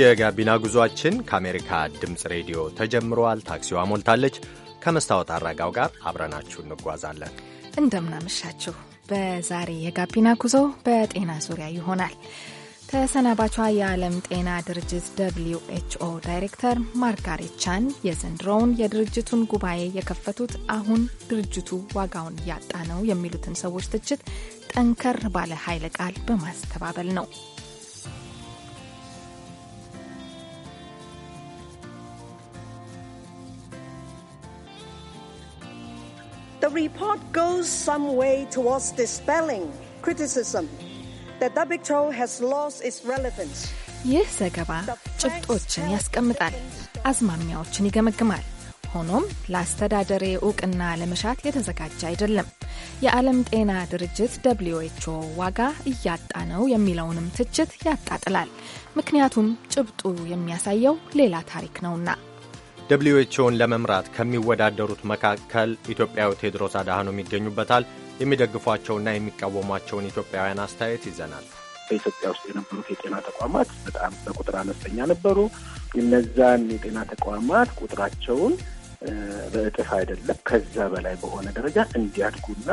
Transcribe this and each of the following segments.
የጋቢና ጉዟችን ከአሜሪካ ድምፅ ሬዲዮ ተጀምረዋል። ታክሲዋ ሞልታለች። ከመስታወት አረጋው ጋር አብረናችሁ እንጓዛለን። እንደምናመሻችሁ። በዛሬ የጋቢና ጉዞ በጤና ዙሪያ ይሆናል። ተሰናባቿ የዓለም ጤና ድርጅት ደብልዩ ኤችኦ ዳይሬክተር ማርጋሬት ቻን የዘንድሮውን የድርጅቱን ጉባኤ የከፈቱት አሁን ድርጅቱ ዋጋውን እያጣ ነው የሚሉትን ሰዎች ትችት ጠንከር ባለ ኃይለ ቃል በማስተባበል ነው። report goes some way towards dispelling criticism that WHO has lost its relevance. ይህ ዘገባ ጭብጦችን ያስቀምጣል፣ አዝማሚያዎችን ይገመግማል። ሆኖም ለአስተዳደር እውቅና ለመሻት የተዘጋጀ አይደለም። የዓለም ጤና ድርጅት ደብልዩ ኤች ኦ ዋጋ እያጣ ነው የሚለውንም ትችት ያጣጥላል። ምክንያቱም ጭብጡ የሚያሳየው ሌላ ታሪክ ነውና። ደብልዩ ኤችኦን ለመምራት ከሚወዳደሩት መካከል ኢትዮጵያዊ ቴድሮስ አድሃኖም ይገኙበታል። የሚደግፏቸውና የሚቃወሟቸውን ኢትዮጵያውያን አስተያየት ይዘናል። በኢትዮጵያ ውስጥ የነበሩት የጤና ተቋማት በጣም በቁጥር አነስተኛ ነበሩ። እነዛን የጤና ተቋማት ቁጥራቸውን በእጥፍ አይደለም ከዛ በላይ በሆነ ደረጃ እንዲያድጉና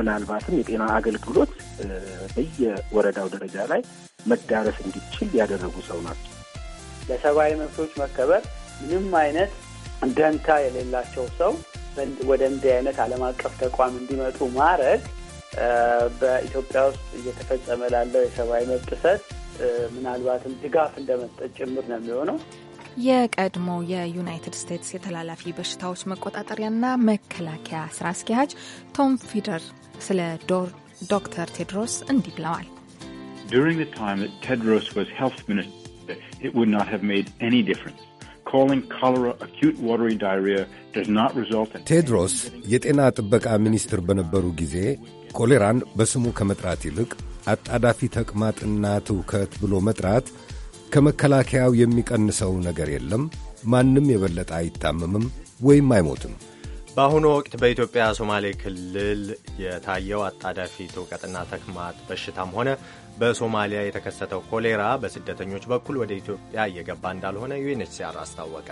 ምናልባትም የጤና አገልግሎት በየወረዳው ደረጃ ላይ መዳረስ እንዲችል ያደረጉ ሰው ናቸው። ለሰብአዊ መብቶች መከበር ምንም አይነት ደንታ የሌላቸው ሰው ወደ እንዲህ አይነት ዓለም አቀፍ ተቋም እንዲመጡ ማድረግ በኢትዮጵያ ውስጥ እየተፈጸመ ላለው የሰብአዊ መብት ጥሰት ምናልባትም ድጋፍ እንደመስጠት ጭምር ነው የሚሆነው። የቀድሞ የዩናይትድ ስቴትስ የተላላፊ በሽታዎች መቆጣጠሪያና መከላከያ ስራ አስኪያጅ ቶም ፊደር ስለ ዶክተር ቴድሮስ እንዲህ ብለዋል። ቴድሮስ ቴድሮስ የጤና ጥበቃ ሚኒስትር በነበሩ ጊዜ ኮሌራን በስሙ ከመጥራት ይልቅ አጣዳፊ ተቅማጥና ትውከት ብሎ መጥራት ከመከላከያው የሚቀንሰው ነገር የለም። ማንም የበለጠ አይታመምም ወይም አይሞትም። በአሁኑ ወቅት በኢትዮጵያ ሶማሌ ክልል የታየው አጣዳፊ ትውቀትና ተቅማጥ በሽታም ሆነ በሶማሊያ የተከሰተው ኮሌራ በስደተኞች በኩል ወደ ኢትዮጵያ እየገባ እንዳልሆነ ዩኤንኤችሲአር አስታወቀ።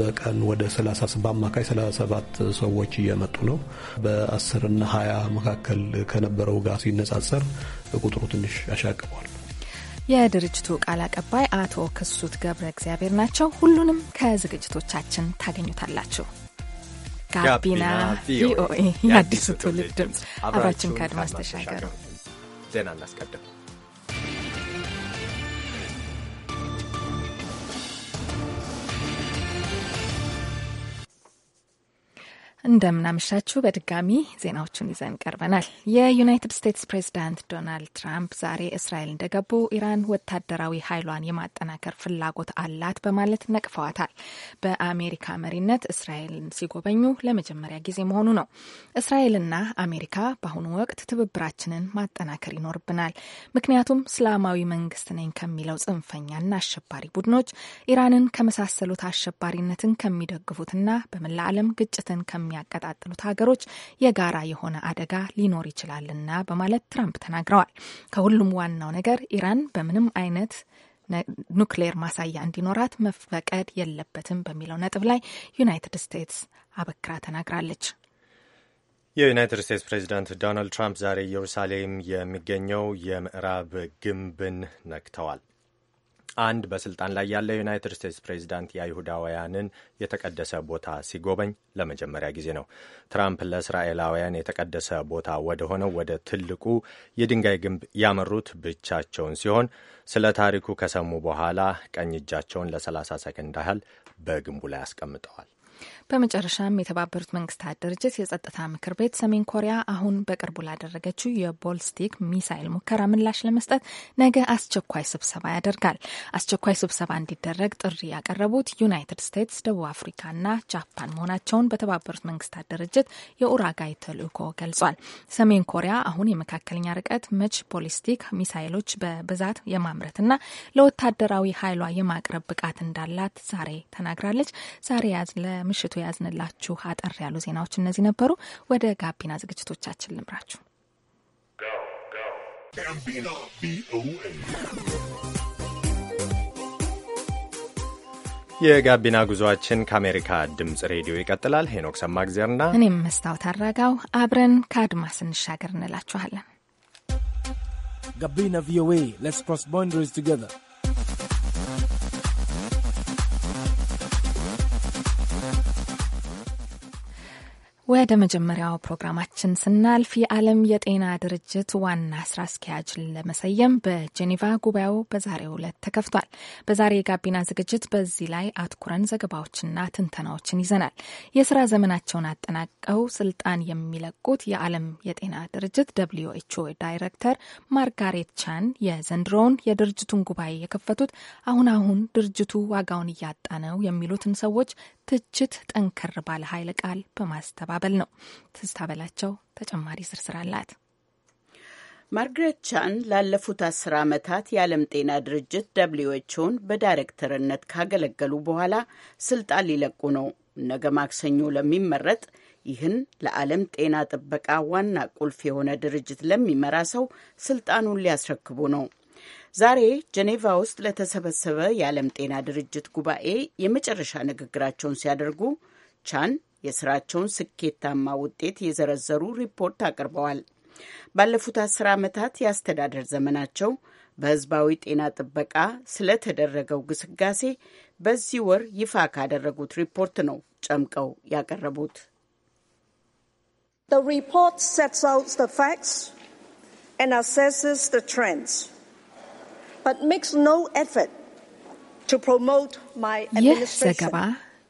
በቀን ወደ 37 አማካይ 37 ሰዎች እየመጡ ነው። በ10 ና 20 መካከል ከነበረው ጋር ሲነጻጸር ቁጥሩ ትንሽ ያሻቅቧል። የድርጅቱ ቃል አቀባይ አቶ ክሱት ገብረ እግዚአብሔር ናቸው። ሁሉንም ከዝግጅቶቻችን ታገኙታላችሁ። ጋቢና ቪኦኤ የአዲሱ ትውልድ ድምፅ፣ አብራችን ከአድማስ ተሻገሩ። ዜና እናስቀድም። እንደምናመሻችሁ በድጋሚ ዜናዎቹን ይዘን ቀርበናል። የዩናይትድ ስቴትስ ፕሬዚዳንት ዶናልድ ትራምፕ ዛሬ እስራኤል እንደገቡ ኢራን ወታደራዊ ኃይሏን የማጠናከር ፍላጎት አላት በማለት ነቅፈዋታል። በአሜሪካ መሪነት እስራኤልን ሲጎበኙ ለመጀመሪያ ጊዜ መሆኑ ነው። እስራኤልና አሜሪካ በአሁኑ ወቅት ትብብራችንን ማጠናከር ይኖርብናል፣ ምክንያቱም እስላማዊ መንግስት ነኝ ከሚለው ጽንፈኛና አሸባሪ ቡድኖች ኢራንን ከመሳሰሉት አሸባሪነትን ከሚደግፉትና በመላ ዓለም ግጭትን ከሚ የሚያቀጣጥሉት ሀገሮች የጋራ የሆነ አደጋ ሊኖር ይችላልና በማለት ትራምፕ ተናግረዋል። ከሁሉም ዋናው ነገር ኢራን በምንም አይነት ኑክሌር ማሳያ እንዲኖራት መፈቀድ የለበትም በሚለው ነጥብ ላይ ዩናይትድ ስቴትስ አበክራ ተናግራለች። የዩናይትድ ስቴትስ ፕሬዚዳንት ዶናልድ ትራምፕ ዛሬ ኢየሩሳሌም የሚገኘው የምዕራብ ግንብን ነክተዋል። አንድ በስልጣን ላይ ያለ ዩናይትድ ስቴትስ ፕሬዚዳንት የአይሁዳውያንን የተቀደሰ ቦታ ሲጎበኝ ለመጀመሪያ ጊዜ ነው። ትራምፕ ለእስራኤላውያን የተቀደሰ ቦታ ወደ ሆነው ወደ ትልቁ የድንጋይ ግንብ ያመሩት ብቻቸውን ሲሆን ስለ ታሪኩ ከሰሙ በኋላ ቀኝ እጃቸውን ለ30 ሰከንድ ያህል በግንቡ ላይ አስቀምጠዋል። በመጨረሻም የተባበሩት መንግስታት ድርጅት የጸጥታ ምክር ቤት ሰሜን ኮሪያ አሁን በቅርቡ ላደረገችው የቦልስቲክ ሚሳይል ሙከራ ምላሽ ለመስጠት ነገ አስቸኳይ ስብሰባ ያደርጋል። አስቸኳይ ስብሰባ እንዲደረግ ጥሪ ያቀረቡት ዩናይትድ ስቴትስ፣ ደቡብ አፍሪካና ጃፓን መሆናቸውን በተባበሩት መንግስታት ድርጅት የኡራጋይ ተልእኮ ገልጿል። ሰሜን ኮሪያ አሁን የመካከለኛ ርቀት መች ቦሊስቲክ ሚሳይሎች በብዛት የማምረትና ለወታደራዊ ኃይሏ የማቅረብ ብቃት እንዳላት ዛሬ ተናግራለች። ዛሬ ያዝ ለምሽቱ የያዝንላችሁ አጠር ያሉ ዜናዎች እነዚህ ነበሩ። ወደ ጋቢና ዝግጅቶቻችን ልምራችሁ። የጋቢና ጉዞአችን ከአሜሪካ ድምፅ ሬዲዮ ይቀጥላል። ሄኖክ ሰማግዜርና እኔም መስታወት አራጋው አብረን ከአድማስ እንሻገር እንላችኋለን። ጋቢና ቪኦኤ ሌትስ ክሮስ ባውንደሪስ ቱጌዘር ወደ መጀመሪያው ፕሮግራማችን ስናልፍ የዓለም የጤና ድርጅት ዋና ስራ አስኪያጅን ለመሰየም በጄኔቫ ጉባኤው በዛሬው ዕለት ተከፍቷል። በዛሬ የጋቢና ዝግጅት በዚህ ላይ አትኩረን ዘገባዎችና ትንተናዎችን ይዘናል። የስራ ዘመናቸውን አጠናቀው ስልጣን የሚለቁት የዓለም የጤና ድርጅት ደብልዩ ኤች ኦ ዳይሬክተር ማርጋሬት ቻን የዘንድሮውን የድርጅቱን ጉባኤ የከፈቱት አሁን አሁን ድርጅቱ ዋጋውን እያጣ ነው የሚሉትን ሰዎች ትችት ጠንከር ባለ ኃይለ ቃል በማስተባበር መቀበል ነው። ትዝታ በላቸው ተጨማሪ ዝርዝር አላት። ማርግሬት ቻን ላለፉት አስር ዓመታት የዓለም ጤና ድርጅት ደብሊው ኤችኦን በዳይሬክተርነት ካገለገሉ በኋላ ስልጣን ሊለቁ ነው። ነገ ማክሰኞ ለሚመረጥ ይህን ለዓለም ጤና ጥበቃ ዋና ቁልፍ የሆነ ድርጅት ለሚመራ ሰው ስልጣኑን ሊያስረክቡ ነው። ዛሬ ጀኔቫ ውስጥ ለተሰበሰበ የዓለም ጤና ድርጅት ጉባኤ የመጨረሻ ንግግራቸውን ሲያደርጉ ቻን የስራቸውን ስኬታማ ውጤት የዘረዘሩ ሪፖርት አቅርበዋል። ባለፉት አስር ዓመታት የአስተዳደር ዘመናቸው በህዝባዊ ጤና ጥበቃ ስለተደረገው ግስጋሴ በዚህ ወር ይፋ ካደረጉት ሪፖርት ነው ጨምቀው ያቀረቡት። ይህ ዘገባ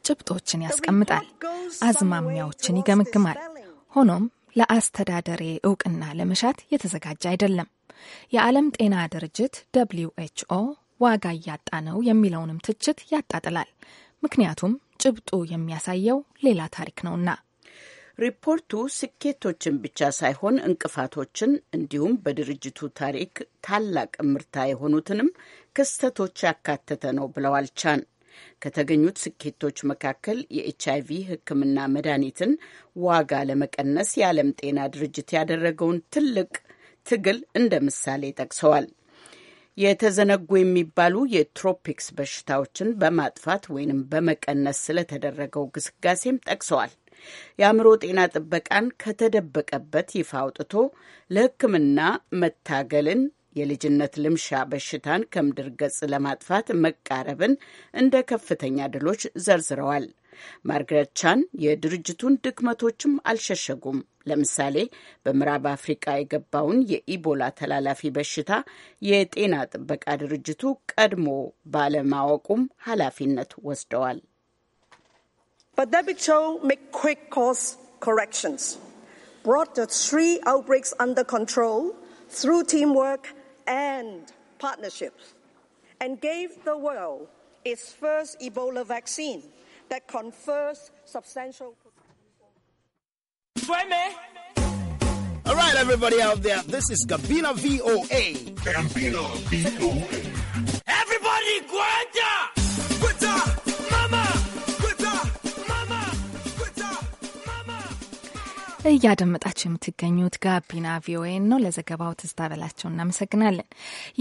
ጭብጦችን ያስቀምጣል፣ አዝማሚያዎችን ይገመግማል። ሆኖም ለአስተዳደሬ እውቅና ለመሻት የተዘጋጀ አይደለም። የዓለም ጤና ድርጅት ደብሊው ኤች ኦ ዋጋ እያጣ ነው የሚለውንም ትችት ያጣጥላል። ምክንያቱም ጭብጡ የሚያሳየው ሌላ ታሪክ ነውና። ሪፖርቱ ስኬቶችን ብቻ ሳይሆን እንቅፋቶችን እንዲሁም በድርጅቱ ታሪክ ታላቅ ምርታ የሆኑትንም ክስተቶች ያካተተ ነው ብለዋል ቻን። ከተገኙት ስኬቶች መካከል የኤች አይቪ ሕክምና መድኃኒትን ዋጋ ለመቀነስ የዓለም ጤና ድርጅት ያደረገውን ትልቅ ትግል እንደ ምሳሌ ጠቅሰዋል። የተዘነጉ የሚባሉ የትሮፒክስ በሽታዎችን በማጥፋት ወይንም በመቀነስ ስለተደረገው ግስጋሴም ጠቅሰዋል። የአእምሮ ጤና ጥበቃን ከተደበቀበት ይፋ አውጥቶ ለሕክምና መታገልን የልጅነት ልምሻ በሽታን ከምድር ገጽ ለማጥፋት መቃረብን እንደ ከፍተኛ ድሎች ዘርዝረዋል። ማርግሬት ቻን የድርጅቱን ድክመቶችም አልሸሸጉም። ለምሳሌ በምዕራብ አፍሪቃ የገባውን የኢቦላ ተላላፊ በሽታ የጤና ጥበቃ ድርጅቱ ቀድሞ ባለማወቁም ኃላፊነት ወስደዋል። brought the three outbreaks under control and partnerships, and gave the world its first Ebola vaccine that confers substantial. All right, everybody out there, this is Gabina VOA. Gabina VOA. Everybody, grab! እያደመጣችሁ የምትገኙት ጋቢና ቪኦኤ ነው። ለዘገባው ትዝታ በላቸው እናመሰግናለን።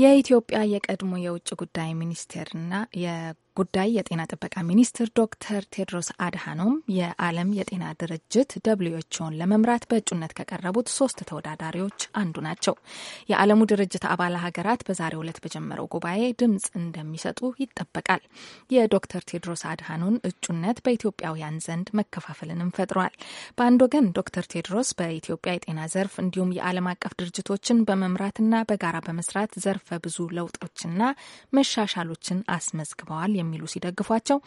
የኢትዮጵያ የቀድሞ የውጭ ጉዳይ ሚኒስቴርና ጉዳይ የጤና ጥበቃ ሚኒስትር ዶክተር ቴድሮስ አድሃኖም የዓለም የጤና ድርጅት ደብሊውኤችኦን ለመምራት በእጩነት ከቀረቡት ሶስት ተወዳዳሪዎች አንዱ ናቸው። የዓለሙ ድርጅት አባል ሀገራት በዛሬው ዕለት በጀመረው ጉባኤ ድምፅ እንደሚሰጡ ይጠበቃል። የዶክተር ቴድሮስ አድሃኖን እጩነት በኢትዮጵያውያን ዘንድ መከፋፈልንም ፈጥሯል። በአንድ ወገን ዶክተር ቴድሮስ በኢትዮጵያ የጤና ዘርፍ እንዲሁም የዓለም አቀፍ ድርጅቶችን በመምራትና በጋራ በመስራት ዘርፈ ብዙ ለውጦችና መሻሻሎችን አስመዝግበዋል የሚሉ ሲደግፏቸው፣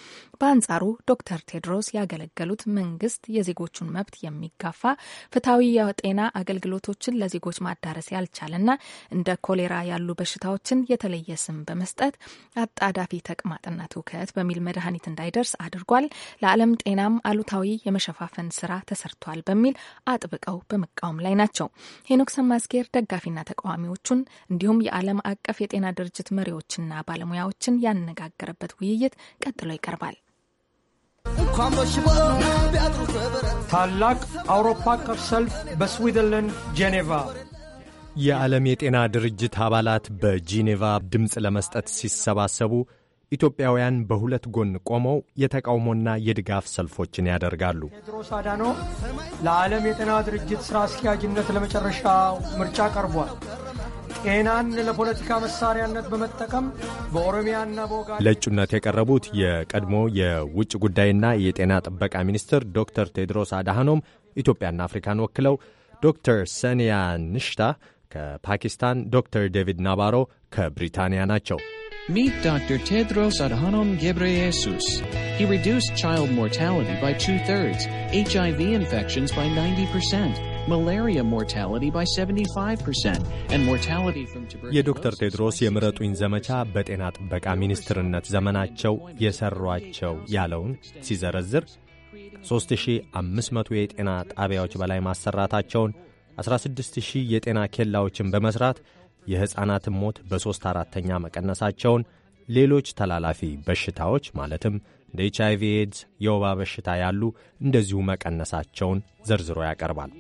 በአንጻሩ ዶክተር ቴድሮስ ያገለገሉት መንግስት የዜጎቹን መብት የሚጋፋ ፍትሐዊ የጤና አገልግሎቶችን ለዜጎች ማዳረስ ያልቻለና እንደ ኮሌራ ያሉ በሽታዎችን የተለየ ስም በመስጠት አጣዳፊ ተቅማጥና ትውከት በሚል መድኃኒት እንዳይደርስ አድርጓል፣ ለዓለም ጤናም አሉታዊ የመሸፋፈን ስራ ተሰርቷል በሚል አጥብቀው በመቃወም ላይ ናቸው። ሄኖክ ሰማስጌር ደጋፊና ተቃዋሚዎቹን እንዲሁም የዓለም አቀፍ የጤና ድርጅት መሪዎችና ባለሙያዎችን ያነጋገረበት ውይይት ቀጥሎ ይቀርባል። ታላቅ አውሮፓ አቀፍ ሰልፍ በስዊዘርላንድ ጄኔቫ። የዓለም የጤና ድርጅት አባላት በጄኔቫ ድምፅ ለመስጠት ሲሰባሰቡ ኢትዮጵያውያን በሁለት ጎን ቆመው የተቃውሞና የድጋፍ ሰልፎችን ያደርጋሉ። ቴድሮስ አዳኖ ለዓለም የጤና ድርጅት ሥራ አስኪያጅነት ለመጨረሻ ምርጫ ቀርቧል። ኤናን ለፖለቲካ መሳሪያነት በመጠቀም በኦሮሚያና በኦጋ ለእጩነት የቀረቡት የቀድሞ የውጭ ጉዳይና የጤና ጥበቃ ሚኒስትር ዶክተር ቴድሮስ አድሃኖም ኢትዮጵያና አፍሪካን ወክለው ዶክተር ሰኒያ ንሽታ ከፓኪስታን፣ ዶክተር ዴቪድ ናባሮ ከብሪታንያ ናቸው። Meet Dr. Tedros Adhanom Ghebreyesus. He reduced child mortality by two-thirds, HIV infections by 90%, malaria mortality by 75% and mortality from tuberculosis. የዶክተር ቴድሮስ የምረጡኝ ዘመቻ በጤና ጥበቃ ሚኒስትርነት ዘመናቸው የሰሯቸው ያለውን ሲዘረዝር 3500 የጤና ጣቢያዎች በላይ ማሰራታቸውን፣ 16000 የጤና ኬላዎችን በመስራት የሕፃናትን ሞት በሦስት አራተኛ መቀነሳቸውን፣ ሌሎች ተላላፊ በሽታዎች ማለትም እንደ ኤች አይቪ ኤድስ፣ የወባ በሽታ ያሉ እንደዚሁ መቀነሳቸውን ዘርዝሮ ያቀርባል።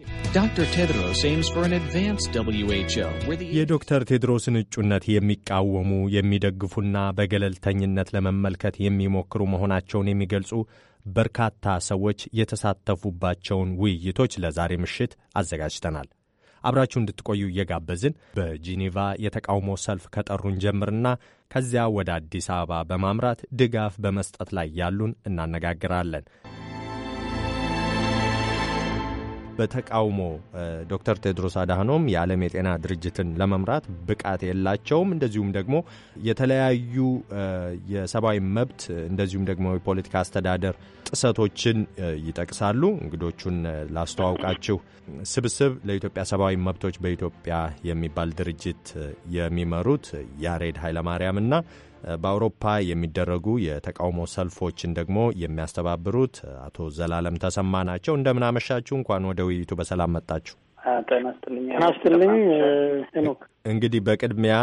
የዶክተር ቴድሮስን እጩነት የሚቃወሙ የሚደግፉና በገለልተኝነት ለመመልከት የሚሞክሩ መሆናቸውን የሚገልጹ በርካታ ሰዎች የተሳተፉባቸውን ውይይቶች ለዛሬ ምሽት አዘጋጅተናል። አብራችሁ እንድትቆዩ እየጋበዝን በጂኔቫ የተቃውሞ ሰልፍ ከጠሩን ጀምርና ከዚያ ወደ አዲስ አበባ በማምራት ድጋፍ በመስጠት ላይ ያሉን እናነጋግራለን። በተቃውሞ ዶክተር ቴድሮስ አድሃኖም የዓለም የጤና ድርጅትን ለመምራት ብቃት የላቸውም፣ እንደዚሁም ደግሞ የተለያዩ የሰብአዊ መብት እንደዚሁም ደግሞ የፖለቲካ አስተዳደር ጥሰቶችን ይጠቅሳሉ። እንግዶቹን ላስተዋውቃችሁ። ስብስብ ለኢትዮጵያ ሰብአዊ መብቶች በኢትዮጵያ የሚባል ድርጅት የሚመሩት ያሬድ ኃይለማርያምና በአውሮፓ የሚደረጉ የተቃውሞ ሰልፎችን ደግሞ የሚያስተባብሩት አቶ ዘላለም ተሰማ ናቸው። እንደምናመሻችሁ እንኳን ወደ ውይይቱ በሰላም መጣችሁ። ናስትልኝ እንግዲህ በቅድሚያ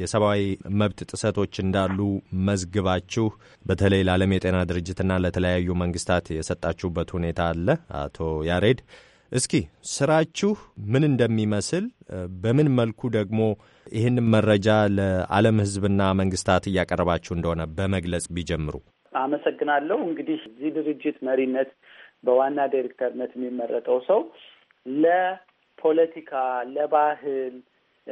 የሰብአዊ መብት ጥሰቶች እንዳሉ መዝግባችሁ በተለይ ለዓለም የጤና ድርጅትና ለተለያዩ መንግስታት የሰጣችሁበት ሁኔታ አለ አቶ ያሬድ እስኪ ስራችሁ ምን እንደሚመስል በምን መልኩ ደግሞ ይህንን መረጃ ለዓለም ሕዝብና መንግስታት እያቀረባችሁ እንደሆነ በመግለጽ ቢጀምሩ። አመሰግናለሁ። እንግዲህ እዚህ ድርጅት መሪነት በዋና ዳይሬክተርነት የሚመረጠው ሰው ለፖለቲካ፣ ለባህል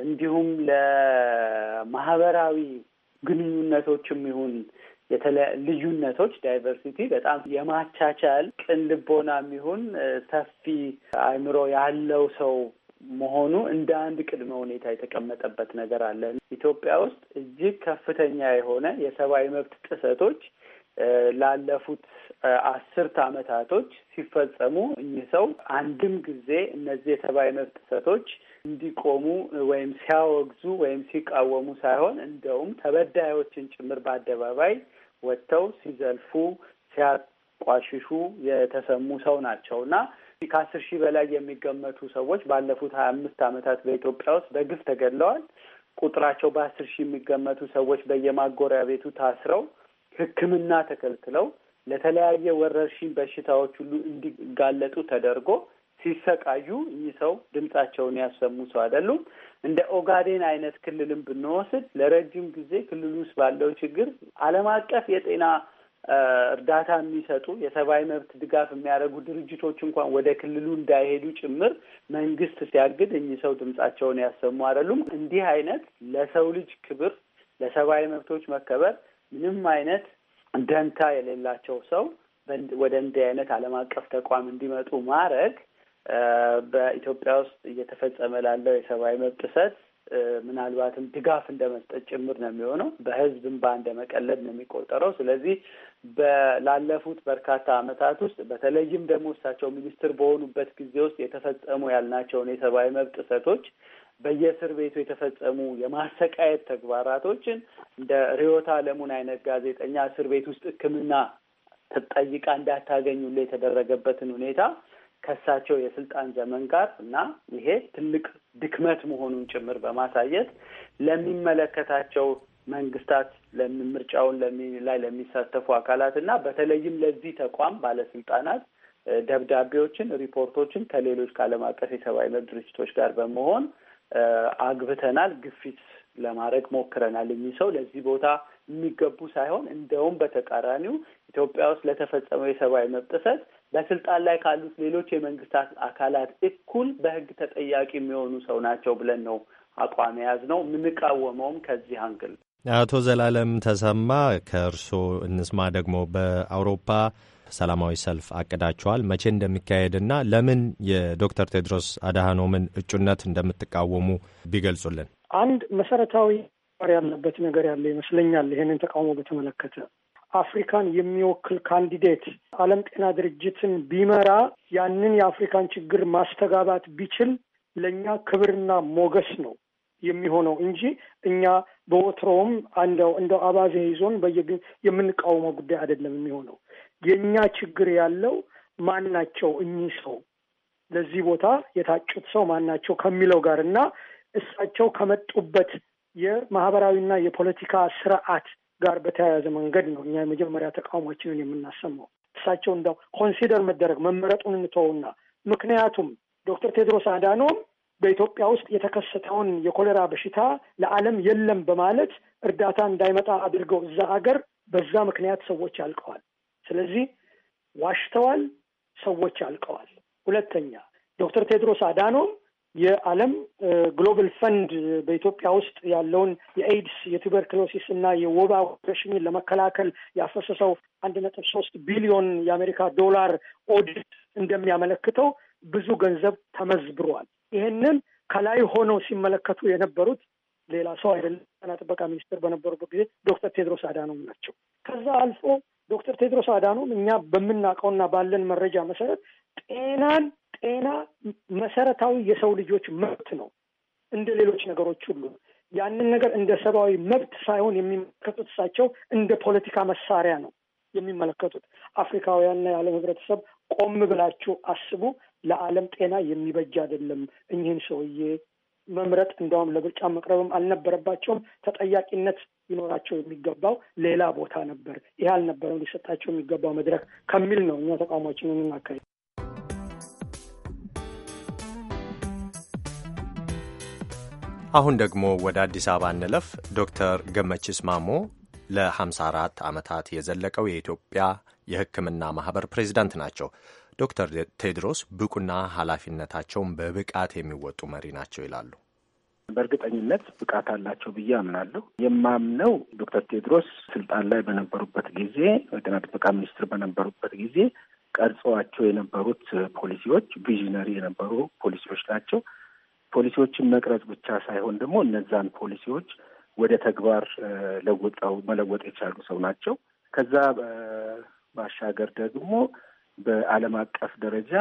እንዲሁም ለማህበራዊ ግንኙነቶችም ይሁን የተለያ ልዩነቶች ዳይቨርሲቲ በጣም የማቻቻል ቅን ልቦና የሚሆን ሰፊ አይምሮ ያለው ሰው መሆኑ እንደ አንድ ቅድመ ሁኔታ የተቀመጠበት ነገር አለ። ኢትዮጵያ ውስጥ እጅግ ከፍተኛ የሆነ የሰብአዊ መብት ጥሰቶች ላለፉት አስርት አመታቶች ሲፈጸሙ እኚህ ሰው አንድም ጊዜ እነዚህ የሰብአዊ መብት ጥሰቶች እንዲቆሙ ወይም ሲያወግዙ ወይም ሲቃወሙ ሳይሆን እንደውም ተበዳዮችን ጭምር በአደባባይ ወጥተው ሲዘልፉ ሲያቋሽሹ የተሰሙ ሰው ናቸው እና ከአስር ሺህ በላይ የሚገመቱ ሰዎች ባለፉት ሀያ አምስት ዓመታት በኢትዮጵያ ውስጥ በግፍ ተገድለዋል። ቁጥራቸው በአስር ሺህ የሚገመቱ ሰዎች በየማጎሪያ ቤቱ ታስረው ሕክምና ተከልክለው ለተለያየ ወረርሽኝ በሽታዎች ሁሉ እንዲጋለጡ ተደርጎ ሲሰቃዩ እኚህ ሰው ድምጻቸውን ያሰሙ ሰው አይደሉም። እንደ ኦጋዴን አይነት ክልልን ብንወስድ ለረጅም ጊዜ ክልል ውስጥ ባለው ችግር ዓለም አቀፍ የጤና እርዳታ የሚሰጡ የሰብአዊ መብት ድጋፍ የሚያደርጉ ድርጅቶች እንኳን ወደ ክልሉ እንዳይሄዱ ጭምር መንግስት ሲያግድ እኚህ ሰው ድምጻቸውን ያሰሙ አይደሉም። እንዲህ አይነት ለሰው ልጅ ክብር፣ ለሰብአዊ መብቶች መከበር ምንም አይነት ደንታ የሌላቸው ሰው ወደ እንዲህ አይነት ዓለም አቀፍ ተቋም እንዲመጡ ማድረግ በኢትዮጵያ ውስጥ እየተፈጸመ ላለው የሰብአዊ መብት ጥሰት ምናልባትም ድጋፍ እንደመስጠት ጭምር ነው የሚሆነው። በህዝብ እንባ መቀለድ ነው የሚቆጠረው። ስለዚህ ላለፉት በርካታ አመታት ውስጥ በተለይም ደግሞ እሳቸው ሚኒስትር በሆኑበት ጊዜ ውስጥ የተፈጸሙ ያልናቸውን የሰብአዊ መብት ጥሰቶች በየእስር ቤቱ የተፈጸሙ የማሰቃየት ተግባራቶችን እንደ ርዕዮተ ዓለሙን አይነት ጋዜጠኛ እስር ቤት ውስጥ ሕክምና ተጠይቃ እንዳታገኙ የተደረገበትን ሁኔታ ከሳቸው የስልጣን ዘመን ጋር እና ይሄ ትልቅ ድክመት መሆኑን ጭምር በማሳየት ለሚመለከታቸው መንግስታት ምርጫውን ላይ ለሚሳተፉ አካላት እና በተለይም ለዚህ ተቋም ባለስልጣናት ደብዳቤዎችን፣ ሪፖርቶችን ከሌሎች ከዓለም አቀፍ የሰብአዊ መብት ድርጅቶች ጋር በመሆን አግብተናል፣ ግፊት ለማድረግ ሞክረናል። የሚ ሰው ለዚህ ቦታ የሚገቡ ሳይሆን እንደውም በተቃራኒው ኢትዮጵያ ውስጥ ለተፈጸመው የሰብአዊ መብት ጥሰት በስልጣን ላይ ካሉት ሌሎች የመንግስታት አካላት እኩል በህግ ተጠያቂ የሚሆኑ ሰው ናቸው ብለን ነው አቋም የያዝ ነው። የምንቃወመውም ከዚህ አንግል። አቶ ዘላለም ተሰማ ከእርስዎ እንስማ ደግሞ በአውሮፓ ሰላማዊ ሰልፍ አቅዳቸዋል። መቼ እንደሚካሄድና ለምን የዶክተር ቴድሮስ አድሃኖምን እጩነት እንደምትቃወሙ ቢገልጹልን። አንድ መሰረታዊ ያለበት ነገር ያለ ይመስለኛል። ይህንን ተቃውሞ በተመለከተ አፍሪካን የሚወክል ካንዲዴት ዓለም ጤና ድርጅትን ቢመራ ያንን የአፍሪካን ችግር ማስተጋባት ቢችል ለእኛ ክብርና ሞገስ ነው የሚሆነው እንጂ እኛ በወትሮውም እንደው እንደው አባዜ ይዞን በየግ የምንቃወመው ጉዳይ አይደለም የሚሆነው። የእኛ ችግር ያለው ማን ናቸው እኚህ ሰው ለዚህ ቦታ የታጩት ሰው ማን ናቸው ከሚለው ጋር እና እሳቸው ከመጡበት የማህበራዊና የፖለቲካ ስርዓት ጋር በተያያዘ መንገድ ነው እኛ የመጀመሪያ ተቃውሟችንን የምናሰማው። እሳቸው እንደው ኮንሲደር መደረግ መመረጡን እንተውና ምክንያቱም ዶክተር ቴድሮስ አዳኖም በኢትዮጵያ ውስጥ የተከሰተውን የኮሌራ በሽታ ለዓለም የለም በማለት እርዳታ እንዳይመጣ አድርገው እዛ ሀገር በዛ ምክንያት ሰዎች አልቀዋል። ስለዚህ ዋሽተዋል፣ ሰዎች አልቀዋል። ሁለተኛ ዶክተር ቴድሮስ አዳኖም የዓለም ግሎባል ፈንድ በኢትዮጵያ ውስጥ ያለውን የኤድስ የቱበርክሎሲስ እና የወባ ወረርሽኝን ለመከላከል ያፈሰሰው አንድ ነጥብ ሶስት ቢሊዮን የአሜሪካ ዶላር ኦዲት እንደሚያመለክተው ብዙ ገንዘብ ተመዝብሯል። ይህንን ከላይ ሆነው ሲመለከቱ የነበሩት ሌላ ሰው አይደለም። ጤና ጥበቃ ሚኒስትር በነበሩበት ጊዜ ዶክተር ቴድሮስ አዳኖም ናቸው። ከዛ አልፎ ዶክተር ቴድሮስ አዳኖም እኛ በምናውቀውና ባለን መረጃ መሰረት ጤናን ጤና መሰረታዊ የሰው ልጆች መብት ነው እንደ ሌሎች ነገሮች ሁሉ። ያንን ነገር እንደ ሰብአዊ መብት ሳይሆን የሚመለከቱት እሳቸው እንደ ፖለቲካ መሳሪያ ነው የሚመለከቱት። አፍሪካውያንና የዓለም ህብረተሰብ ቆም ብላችሁ አስቡ። ለዓለም ጤና የሚበጅ አይደለም እኚህን ሰውዬ መምረጥ። እንደውም ለብርጫ መቅረብም አልነበረባቸውም። ተጠያቂነት ሊኖራቸው የሚገባው ሌላ ቦታ ነበር። ይህ አልነበረም ሊሰጣቸው የሚገባው መድረክ ከሚል ነው እኛ ተቃውሟችንን እናካሄድ አሁን ደግሞ ወደ አዲስ አበባ እንለፍ። ዶክተር ገመችስ ማሞ ለ54 ዓመታት የዘለቀው የኢትዮጵያ የሕክምና ማኅበር ፕሬዚዳንት ናቸው። ዶክተር ቴድሮስ ብቁና ኃላፊነታቸውን በብቃት የሚወጡ መሪ ናቸው ይላሉ። በእርግጠኝነት ብቃት አላቸው ብዬ አምናለሁ። የማምነው ዶክተር ቴድሮስ ስልጣን ላይ በነበሩበት ጊዜ የጤና ጥበቃ ሚኒስትር በነበሩበት ጊዜ ቀርጸዋቸው የነበሩት ፖሊሲዎች ቪዥነሪ የነበሩ ፖሊሲዎች ናቸው። ፖሊሲዎችን መቅረጽ ብቻ ሳይሆን ደግሞ እነዛን ፖሊሲዎች ወደ ተግባር ለውጠው መለወጥ የቻሉ ሰው ናቸው። ከዛ ባሻገር ደግሞ በዓለም አቀፍ ደረጃ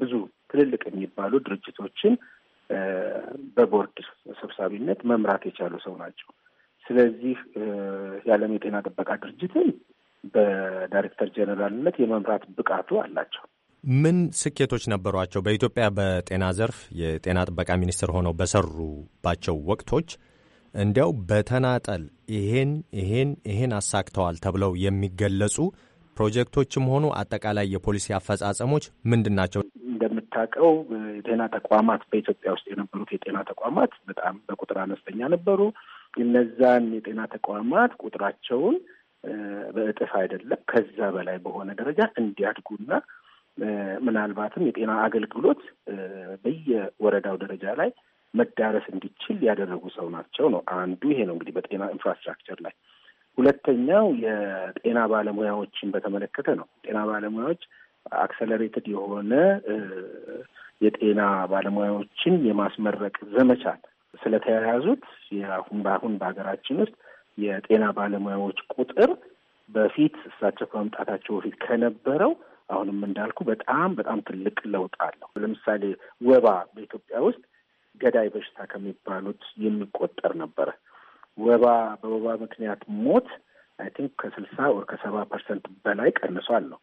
ብዙ ትልልቅ የሚባሉ ድርጅቶችን በቦርድ ሰብሳቢነት መምራት የቻሉ ሰው ናቸው። ስለዚህ የዓለም የጤና ጥበቃ ድርጅትን በዳይሬክተር ጀኔራልነት የመምራት ብቃቱ አላቸው። ምን ስኬቶች ነበሯቸው? በኢትዮጵያ በጤና ዘርፍ የጤና ጥበቃ ሚኒስትር ሆነው በሰሩባቸው ወቅቶች እንዲያው በተናጠል ይሄን ይሄን ይሄን አሳክተዋል ተብለው የሚገለጹ ፕሮጀክቶችም ሆኑ አጠቃላይ የፖሊሲ አፈጻጸሞች ምንድን ናቸው? እንደምታውቀው የጤና ተቋማት በኢትዮጵያ ውስጥ የነበሩት የጤና ተቋማት በጣም በቁጥር አነስተኛ ነበሩ። እነዛን የጤና ተቋማት ቁጥራቸውን በእጥፍ አይደለም ከዛ በላይ በሆነ ደረጃ እንዲያድጉና ምናልባትም የጤና አገልግሎት በየወረዳው ደረጃ ላይ መዳረስ እንዲችል ያደረጉ ሰው ናቸው ነው አንዱ ይሄ ነው እንግዲህ በጤና ኢንፍራስትራክቸር ላይ ሁለተኛው የጤና ባለሙያዎችን በተመለከተ ነው ጤና ባለሙያዎች አክሰለሬትድ የሆነ የጤና ባለሙያዎችን የማስመረቅ ዘመቻን ስለተያያዙት የአሁን በአሁን በሀገራችን ውስጥ የጤና ባለሙያዎች ቁጥር በፊት እሳቸው ከመምጣታቸው በፊት ከነበረው አሁንም እንዳልኩ በጣም በጣም ትልቅ ለውጥ አለው። ለምሳሌ ወባ በኢትዮጵያ ውስጥ ገዳይ በሽታ ከሚባሉት የሚቆጠር ነበረ። ወባ በወባ ምክንያት ሞት አይ ቲንክ ከስልሳ ወር ከሰባ ፐርሰንት በላይ ቀንሷል ነው።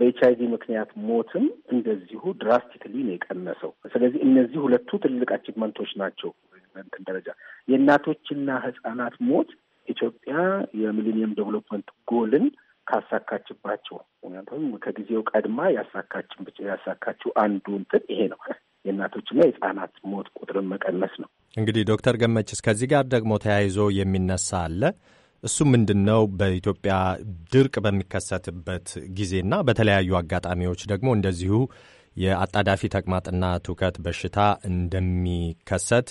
በኤች አይቪ ምክንያት ሞትም እንደዚሁ ድራስቲክሊ ነው የቀነሰው። ስለዚህ እነዚህ ሁለቱ ትልቅ አቺቭመንቶች ናቸው። በእንትን ደረጃ የእናቶችና ህጻናት ሞት ኢትዮጵያ የሚሊኒየም ዴቨሎፕመንት ጎልን ካሳካችባቸው ምክንያቱም ከጊዜው ቀድማ ያሳካችን ብቻ ያሳካችው አንዱ እንትን ይሄ ነው የእናቶችና የሕጻናት ሞት ቁጥርን መቀነስ ነው። እንግዲህ ዶክተር ገመችስ ከዚህ ጋር ደግሞ ተያይዞ የሚነሳ አለ። እሱ ምንድን ነው? በኢትዮጵያ ድርቅ በሚከሰትበት ጊዜና በተለያዩ አጋጣሚዎች ደግሞ እንደዚሁ የአጣዳፊ ተቅማጥና ትውከት በሽታ እንደሚከሰት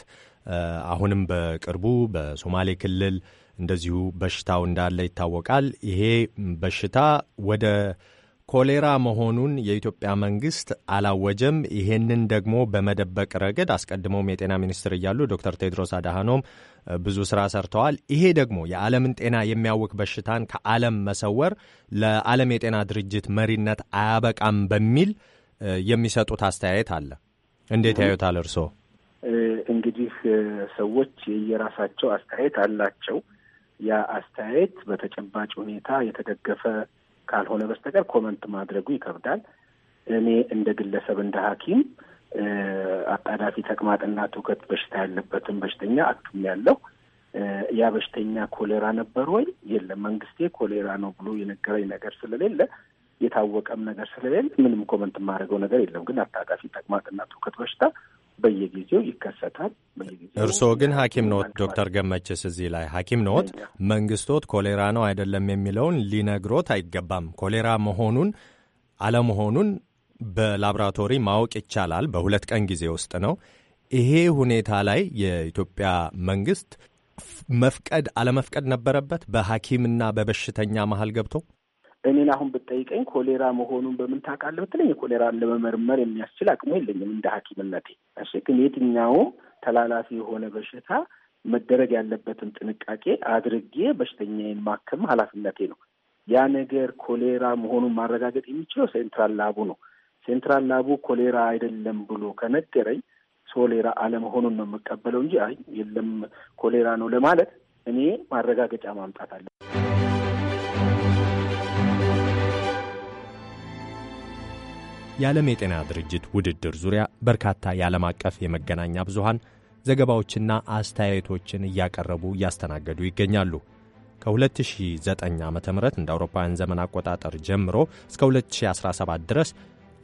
አሁንም በቅርቡ በሶማሌ ክልል እንደዚሁ በሽታው እንዳለ ይታወቃል። ይሄ በሽታ ወደ ኮሌራ መሆኑን የኢትዮጵያ መንግስት አላወጀም። ይሄንን ደግሞ በመደበቅ ረገድ አስቀድመውም የጤና ሚኒስትር እያሉ ዶክተር ቴድሮስ አድሃኖም ብዙ ስራ ሰርተዋል። ይሄ ደግሞ የዓለምን ጤና የሚያውክ በሽታን ከዓለም መሰወር ለዓለም የጤና ድርጅት መሪነት አያበቃም በሚል የሚሰጡት አስተያየት አለ። እንዴት ያዩታል እርስዎ? እንግዲህ ሰዎች የራሳቸው አስተያየት አላቸው። ያ አስተያየት በተጨባጭ ሁኔታ የተደገፈ ካልሆነ በስተቀር ኮመንት ማድረጉ ይከብዳል። እኔ እንደ ግለሰብ እንደ ሐኪም አጣዳፊ ተቅማጥና ትውከት በሽታ ያለበትን በሽተኛ አክም ያለው ያ በሽተኛ ኮሌራ ነበር ወይ? የለም። መንግስቴ ኮሌራ ነው ብሎ የነገረኝ ነገር ስለሌለ የታወቀም ነገር ስለሌለ ምንም ኮመንት የማደርገው ነገር የለም። ግን አጣዳፊ ተቅማጥና ትውከት በሽታ በየጊዜው ይከሰታል። እርስዎ ግን ሐኪም ነዎት። ዶክተር ገመችስ እዚህ ላይ ሐኪም ነዎት። መንግስቶት ኮሌራ ነው አይደለም የሚለውን ሊነግሮት አይገባም። ኮሌራ መሆኑን አለመሆኑን በላብራቶሪ ማወቅ ይቻላል። በሁለት ቀን ጊዜ ውስጥ ነው። ይሄ ሁኔታ ላይ የኢትዮጵያ መንግስት መፍቀድ አለመፍቀድ ነበረበት በሐኪምና በበሽተኛ መሀል ገብቶ እኔን አሁን ብጠይቀኝ ኮሌራ መሆኑን በምን ታውቃለህ ብትለኝ ኮሌራን ለመመርመር የሚያስችል አቅሙ የለኝም እንደ ሐኪምነቴ። እሺ፣ ግን የትኛውም ተላላፊ የሆነ በሽታ መደረግ ያለበትን ጥንቃቄ አድርጌ በሽተኛዬን ማከም ኃላፊነቴ ነው። ያ ነገር ኮሌራ መሆኑን ማረጋገጥ የሚችለው ሴንትራል ላቡ ነው። ሴንትራል ላቡ ኮሌራ አይደለም ብሎ ከነገረኝ ሶሌራ አለመሆኑን ነው የምቀበለው እንጂ አይ የለም ኮሌራ ነው ለማለት እኔ ማረጋገጫ ማምጣት አለ የዓለም የጤና ድርጅት ውድድር ዙሪያ በርካታ የዓለም አቀፍ የመገናኛ ብዙሃን ዘገባዎችና አስተያየቶችን እያቀረቡ እያስተናገዱ ይገኛሉ። ከ2009 ዓ ም እንደ አውሮፓውያን ዘመን አቆጣጠር ጀምሮ እስከ 2017 ድረስ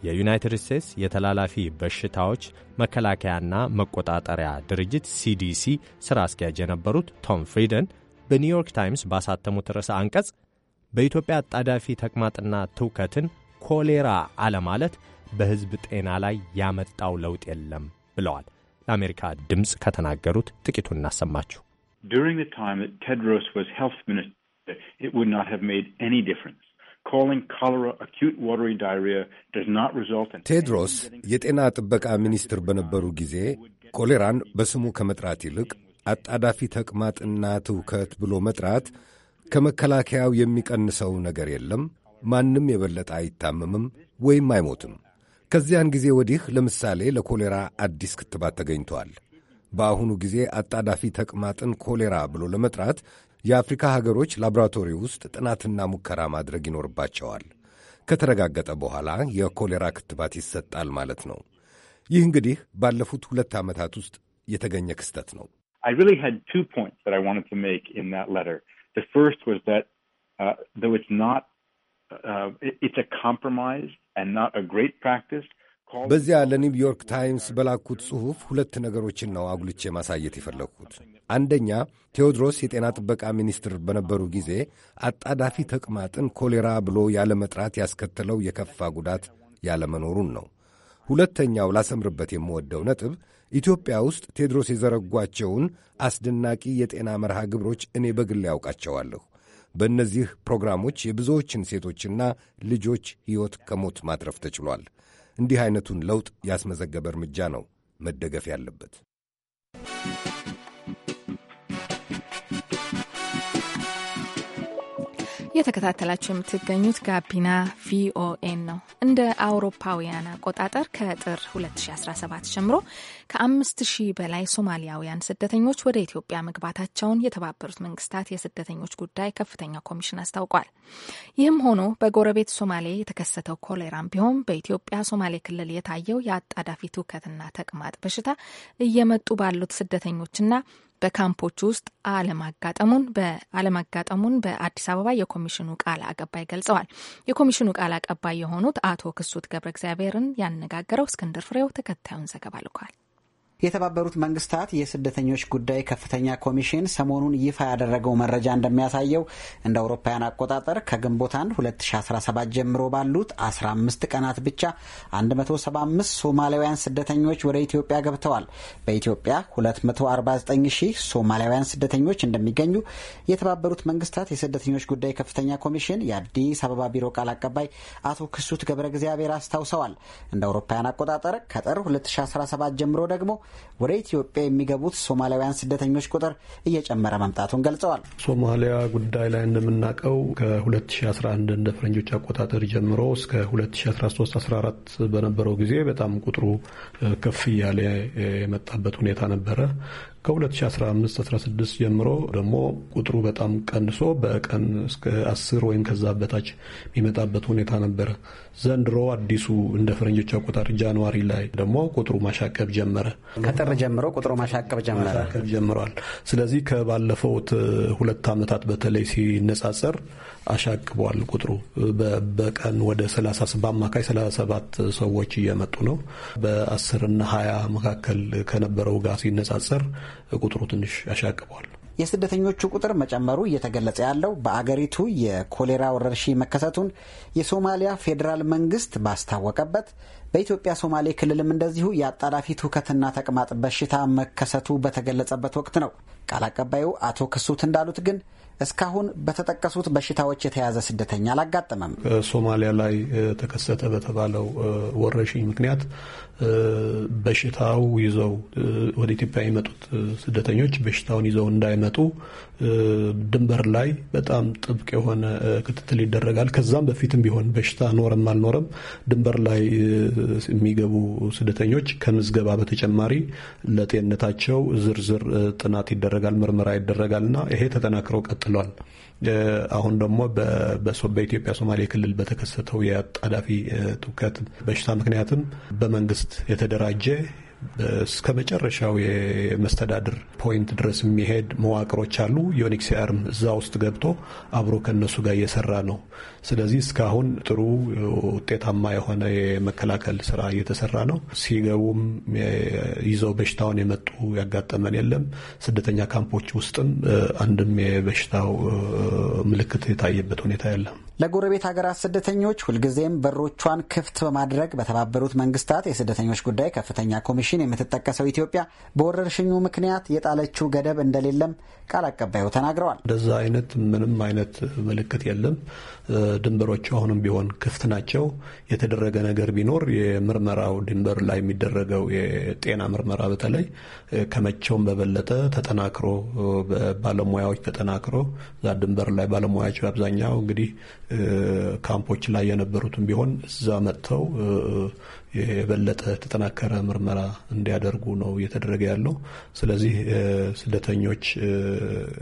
የዩናይትድ ስቴትስ የተላላፊ በሽታዎች መከላከያና መቆጣጠሪያ ድርጅት ሲዲሲ ሥራ አስኪያጅ የነበሩት ቶም ፍሪደን በኒውዮርክ ታይምስ ባሳተሙት ርዕሰ አንቀጽ በኢትዮጵያ አጣዳፊ ተቅማጥና ትውከትን ኮሌራ አለማለት በሕዝብ ጤና ላይ ያመጣው ለውጥ የለም ብለዋል። ለአሜሪካ ድምፅ ከተናገሩት ጥቂቱን እናሰማችሁ። ቴድሮስ የጤና ጥበቃ ሚኒስትር በነበሩ ጊዜ ኮሌራን በስሙ ከመጥራት ይልቅ አጣዳፊ ተቅማጥና ትውከት ብሎ መጥራት ከመከላከያው የሚቀንሰው ነገር የለም፣ ማንም የበለጠ አይታመምም ወይም አይሞትም። ከዚያን ጊዜ ወዲህ ለምሳሌ ለኮሌራ አዲስ ክትባት ተገኝቷል። በአሁኑ ጊዜ አጣዳፊ ተቅማጥን ኮሌራ ብሎ ለመጥራት የአፍሪካ ሀገሮች ላቦራቶሪ ውስጥ ጥናትና ሙከራ ማድረግ ይኖርባቸዋል። ከተረጋገጠ በኋላ የኮሌራ ክትባት ይሰጣል ማለት ነው። ይህ እንግዲህ ባለፉት ሁለት ዓመታት ውስጥ የተገኘ ክስተት ነው። uh, it's a compromise and not a great practice. በዚያ ለኒውዮርክ ታይምስ በላኩት ጽሑፍ ሁለት ነገሮችን ነው አጉልቼ ማሳየት የፈለግኩት። አንደኛ ቴዎድሮስ የጤና ጥበቃ ሚኒስትር በነበሩ ጊዜ አጣዳፊ ተቅማጥን ኮሌራ ብሎ ያለመጥራት ያስከተለው የከፋ ጉዳት ያለመኖሩን ነው። ሁለተኛው ላሰምርበት የምወደው ነጥብ ኢትዮጵያ ውስጥ ቴዎድሮስ የዘረጓቸውን አስደናቂ የጤና መርሃ ግብሮች እኔ በግል ያውቃቸዋለሁ። በእነዚህ ፕሮግራሞች የብዙዎችን ሴቶችና ልጆች ሕይወት ከሞት ማትረፍ ተችሏል። እንዲህ አይነቱን ለውጥ ያስመዘገበ እርምጃ ነው መደገፍ ያለበት። እየተከታተላችሁ የምትገኙት ጋቢና ቪኦኤን ነው። እንደ አውሮፓውያን አቆጣጠር ከጥር 2017 ጀምሮ ከ ሺህ በላይ ሶማሊያውያን ስደተኞች ወደ ኢትዮጵያ መግባታቸውን የተባበሩት መንግስታት የስደተኞች ጉዳይ ከፍተኛ ኮሚሽን አስታውቋል። ይህም ሆኖ በጎረቤት ሶማሌ የተከሰተው ኮሌራም ቢሆን በኢትዮጵያ ሶማሌ ክልል የታየው የአጣዳፊ ትውከትና ተቅማጥ በሽታ እየመጡ ባሉት ስደተኞችና በካምፖች ውስጥ አለማጋጠሙን በአለማጋጠሙን በአዲስ አበባ የኮሚሽኑ ቃል አቀባይ ገልጸዋል። የኮሚሽኑ ቃል አቀባይ የሆኑት አቶ ክሱት ገብረ እግዚአብሔርን ያነጋገረው እስክንድር ፍሬው ተከታዩን ዘገባ ልኳል። የተባበሩት መንግስታት የስደተኞች ጉዳይ ከፍተኛ ኮሚሽን ሰሞኑን ይፋ ያደረገው መረጃ እንደሚያሳየው እንደ አውሮፓውያን አቆጣጠር ከግንቦት 1 2017 ጀምሮ ባሉት 15 ቀናት ብቻ 175 ሶማሊያውያን ስደተኞች ወደ ኢትዮጵያ ገብተዋል። በኢትዮጵያ 249000 ሶማሊያውያን ስደተኞች እንደሚገኙ የተባበሩት መንግስታት የስደተኞች ጉዳይ ከፍተኛ ኮሚሽን የአዲስ አበባ ቢሮ ቃል አቀባይ አቶ ክሱት ገብረ እግዚአብሔር አስታውሰዋል። እንደ አውሮፓውያን አቆጣጠር ከጥር 2017 ጀምሮ ደግሞ ወደ ኢትዮጵያ የሚገቡት ሶማሊያውያን ስደተኞች ቁጥር እየጨመረ መምጣቱን ገልጸዋል። ሶማሊያ ጉዳይ ላይ እንደምናውቀው ከ2011 እንደ ፈረንጆች አቆጣጠር ጀምሮ እስከ 2013/14 በነበረው ጊዜ በጣም ቁጥሩ ከፍ እያለ የመጣበት ሁኔታ ነበረ። ከ2015-16 ጀምሮ ደግሞ ቁጥሩ በጣም ቀንሶ በቀን እስከ አስር ወይም ከዛ በታች የሚመጣበት ሁኔታ ነበረ። ዘንድሮ አዲሱ እንደ ፈረንጆች አቆጣጠር ጃንዋሪ ላይ ደግሞ ቁጥሩ ማሻቀብ ጀመረ። ከጥር ጀምሮ ቁጥሩ ማሻቀብ ጀምሯል። ስለዚህ ከባለፈውት ሁለት ዓመታት በተለይ ሲነጻጸር አሻቅቧል። ቁጥሩ በቀን ወደ በአማካይ 37 ሰዎች እየመጡ ነው። በ10 እና 20 መካከል ከነበረው ጋር ሲነጻጸር ቁጥሩ ትንሽ ያሻቅበዋል። የስደተኞቹ ቁጥር መጨመሩ እየተገለጸ ያለው በአገሪቱ የኮሌራ ወረርሽኝ መከሰቱን የሶማሊያ ፌዴራል መንግስት ባስታወቀበት በኢትዮጵያ ሶማሌ ክልልም እንደዚሁ የአጣዳፊ ትውከትና ተቅማጥ በሽታ መከሰቱ በተገለጸበት ወቅት ነው። ቃል አቀባዩ አቶ ክሱት እንዳሉት ግን እስካሁን በተጠቀሱት በሽታዎች የተያዘ ስደተኛ አላጋጠመም። ሶማሊያ ላይ ተከሰተ በተባለው ወረሽኝ ምክንያት በሽታው ይዘው ወደ ኢትዮጵያ የመጡት ስደተኞች በሽታውን ይዘው እንዳይመጡ ድንበር ላይ በጣም ጥብቅ የሆነ ክትትል ይደረጋል። ከዛም በፊትም ቢሆን በሽታ ኖረም አልኖረም ድንበር ላይ የሚገቡ ስደተኞች ከምዝገባ በተጨማሪ ለጤንነታቸው ዝርዝር ጥናት ይደረጋል፣ ምርመራ ይደረጋል እና ይሄ ተጠናክረው ቀጥሏል። አሁን ደግሞ በኢትዮጵያ ሶማሌ ክልል በተከሰተው የአጣዳፊ ትውከት በሽታ ምክንያትም በመንግስት የተደራጀ እስከ መጨረሻው የመስተዳድር ፖይንት ድረስ የሚሄድ መዋቅሮች አሉ። ዮኒክስ አርም እዛ ውስጥ ገብቶ አብሮ ከነሱ ጋር እየሰራ ነው። ስለዚህ እስካሁን ጥሩ ውጤታማ የሆነ የመከላከል ስራ እየተሰራ ነው። ሲገቡም ይዘው በሽታውን የመጡ ያጋጠመን የለም። ስደተኛ ካምፖች ውስጥም አንድም የበሽታው ምልክት የታየበት ሁኔታ የለም። ለጎረቤት ሀገራት ስደተኞች ሁልጊዜም በሮቿን ክፍት በማድረግ በተባበሩት መንግስታት የስደተኞች ጉዳይ ከፍተኛ ኮሚሽን የምትጠቀሰው ኢትዮጵያ በወረርሽኙ ምክንያት የጣለችው ገደብ እንደሌለም ቃል አቀባዩ ተናግረዋል። እንደዛ አይነት ምንም አይነት ምልክት የለም። ድንበሮቹ አሁንም ቢሆን ክፍት ናቸው። የተደረገ ነገር ቢኖር የምርመራው ድንበር ላይ የሚደረገው የጤና ምርመራ በተለይ ከመቼውም በበለጠ ተጠናክሮ፣ ባለሙያዎች ተጠናክሮ እዛ ድንበር ላይ ባለሙያዎች በአብዛኛው እንግዲህ ካምፖች ላይ የነበሩትም ቢሆን እዛ መጥተው የበለጠ የተጠናከረ ምርመራ እንዲያደርጉ ነው እየተደረገ ያለው። ስለዚህ ስደተኞች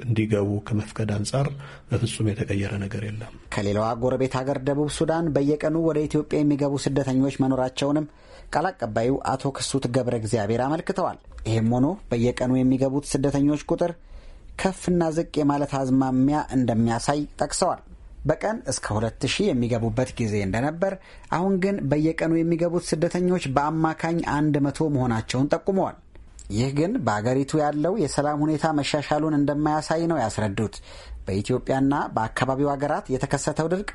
እንዲገቡ ከመፍቀድ አንጻር በፍጹም የተቀየረ ነገር የለም። ከሌላዋ ጎረቤት ሀገር ደቡብ ሱዳን በየቀኑ ወደ ኢትዮጵያ የሚገቡ ስደተኞች መኖራቸውንም ቃል አቀባዩ አቶ ክሱት ገብረ እግዚአብሔር አመልክተዋል። ይህም ሆኖ በየቀኑ የሚገቡት ስደተኞች ቁጥር ከፍና ዝቅ የማለት አዝማሚያ እንደሚያሳይ ጠቅሰዋል። በቀን እስከ ሁለት ሺህ የሚገቡበት ጊዜ እንደነበር፣ አሁን ግን በየቀኑ የሚገቡት ስደተኞች በአማካኝ አንድ መቶ መሆናቸውን ጠቁመዋል። ይህ ግን በአገሪቱ ያለው የሰላም ሁኔታ መሻሻሉን እንደማያሳይ ነው ያስረዱት። በኢትዮጵያና በአካባቢው ሀገራት የተከሰተው ድርቅ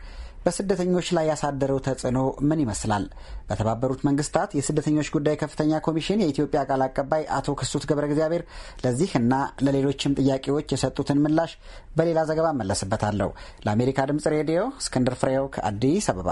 በስደተኞች ላይ ያሳደረው ተጽዕኖ ምን ይመስላል? በተባበሩት መንግስታት የስደተኞች ጉዳይ ከፍተኛ ኮሚሽን የኢትዮጵያ ቃል አቀባይ አቶ ክሱት ገብረ እግዚአብሔር ለዚህ እና ለሌሎችም ጥያቄዎች የሰጡትን ምላሽ በሌላ ዘገባ መለስበታለሁ። ለአሜሪካ ድምጽ ሬዲዮ እስክንድር ፍሬው ከአዲስ አበባ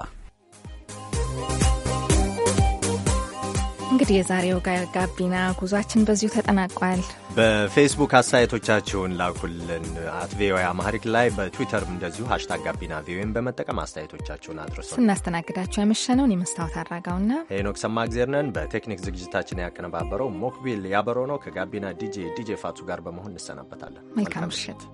እንግዲህ የዛሬው ጋቢና ጉዟችን በዚሁ ተጠናቋል። በፌስቡክ አስተያየቶቻችሁን ላኩልን። አት ቪኦኤ አማሪክ ላይ በትዊተርም እንደዚሁ ሀሽታግ ጋቢና ቪኦኤን በመጠቀም አስተያየቶቻችሁን አድርሱ። ስናስተናግዳችሁ ያመሸነውን የመስታወት አድራጋውና ሄኖክ ሰማእግዜር ነን። በቴክኒክ ዝግጅታችን ያቀነባበረው ሞክቢል ያበሮ ነው። ከጋቢና ዲጄ ዲጄ ፋቱ ጋር በመሆን እንሰናበታለን። መልካም ምሽት።